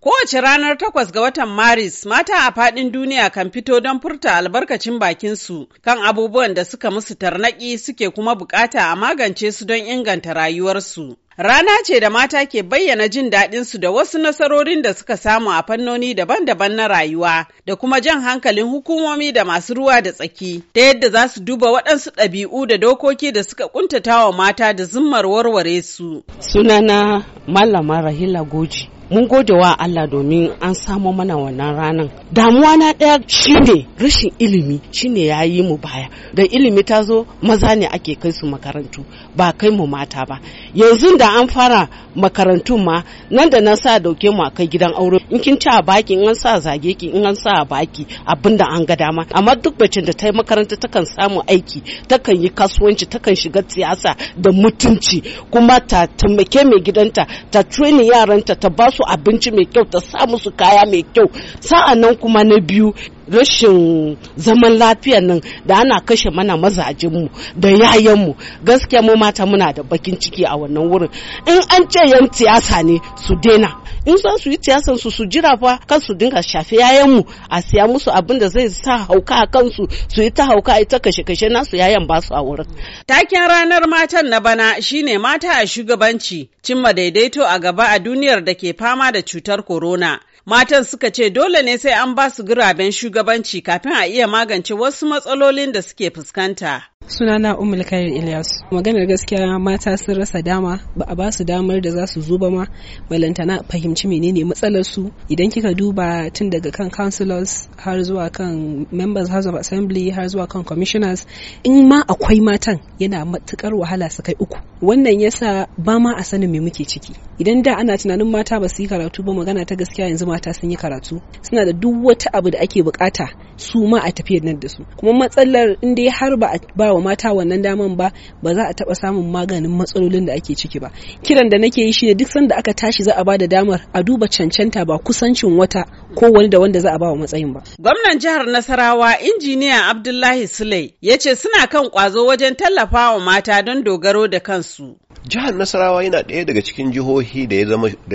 Kowace ranar takwas ga watan Maris, mata a faɗin duniya kan fito don furta albarkacin bakinsu kan abubuwan da suka musu tarnaƙi suke kuma bukata a magance su don inganta rayuwarsu. Rana ce da mata ke bayyana jin daɗinsu da wasu nasarorin da suka samu a fannoni daban-daban na rayuwa da kuma jan hankalin hukumomi da masu ruwa da tsaki ta yadda za su duba waɗansu ɗabi'u da dokoki da suka kuntata wa mata da zimmar warware su. Sunana Malama Rahila Goji. Mun gode wa Allah domin an samo mana wannan ranar. Damuwa na ɗaya shine rashin ilimi shine ya yi mu baya. Da ilimi ta zo maza ne ake kai su makarantu ba kai mu mata ba. Yanzu da an fara makarantun ma nan da nan sa dauke mu kai gidan aure in kin ci a baki in an sa zage ki in an sa a baki abinda an ga dama amma duk bacin da ta yi makaranta kan samu aiki ta kan yi kasuwanci ta kan shiga siyasa da mutunci kuma ta taimake mai gidanta ta training yaranta ta ba su abinci mai kyau ta sa musu kaya mai kyau sa'annan nan kuma na biyu rashin zaman lafiya nan da ana kashe mana mazajinmu da yayanmu gaskiya mu mata muna da bakin ciki a wannan wurin in an ce yan siyasa ne su dena. in san su yi siyasan su su jira fa kan su dinga shafe yayan mu a siya musu abin da zai sa hauka a kansu su yi ta hauka ita kashe kashe nasu yayan ba su a wurin taken ranar matan na bana shine mata a shugabanci cimma daidaito a gaba a duniyar da ke fama da cutar corona matan suka ce dole ne sai an ba su guraben shugabanci kafin a iya magance wasu matsalolin da suke fuskanta sunana umul kair ilyas maganar gaskiya mata sun rasa dama ba a basu damar da za su zo ba ma balantana fahimci menene matsalar su idan kika duba tun daga kan councilors har zuwa kan members house of assembly har zuwa kan commissioners in ma akwai matan yana matukar wahala su kai uku wannan yasa ba ma a sanin me muke ciki idan da ana tunanin mata ba su yi karatu ba magana ta gaskiya yanzu mata sun yi karatu suna da duk wata abu da ake bukata su ma a tafiyar nan da su kuma matsalar in dai har ba a ba mata wannan daman ba ba za a taba samun maganin matsalolin da ake ciki ba kiran da nake yi shine duk sanda aka tashi za a ba da damar a duba cancanta ba kusancin wata ko wani da wanda za a ba wa matsayin ba gwamnan jihar nasarawa injiniya abdullahi Sulai, ya ce suna kan kwazo wajen tallafawa mata don dogaro da kansu jihar nasarawa yana ɗaya daga cikin jihohi da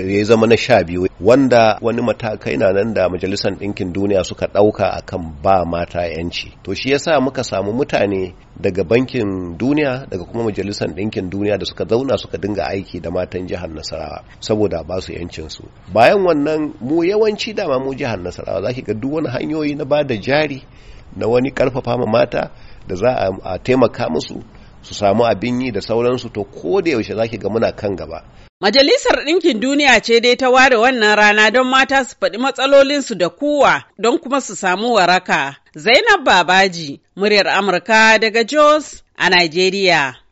ya zama na sha biyu wanda wani matakai na nan da majalisar ɗinkin duniya suka ɗauka akan ba mata yanci to shi yasa muka samu mutane daga bankin duniya daga kuma majalisar ɗinkin duniya da suka zauna suka dinga aiki da matan jihar nasarawa saboda ba su yancinsu bayan wannan mu yawanci dama mu jihar nasarawa za ki ga duk wani hanyoyi na ba da jari na wani karfafa mata da za a taimaka musu su samu abin yi da sauransu to ko da yaushe ki ga muna kan gaba Majalisar Ɗinkin Duniya ce dai ta ware wannan rana don mata su faɗi matsalolinsu da kuwa don kuma su samu waraka. Zainab Babaji, muryar Amurka daga Jos a Najeriya.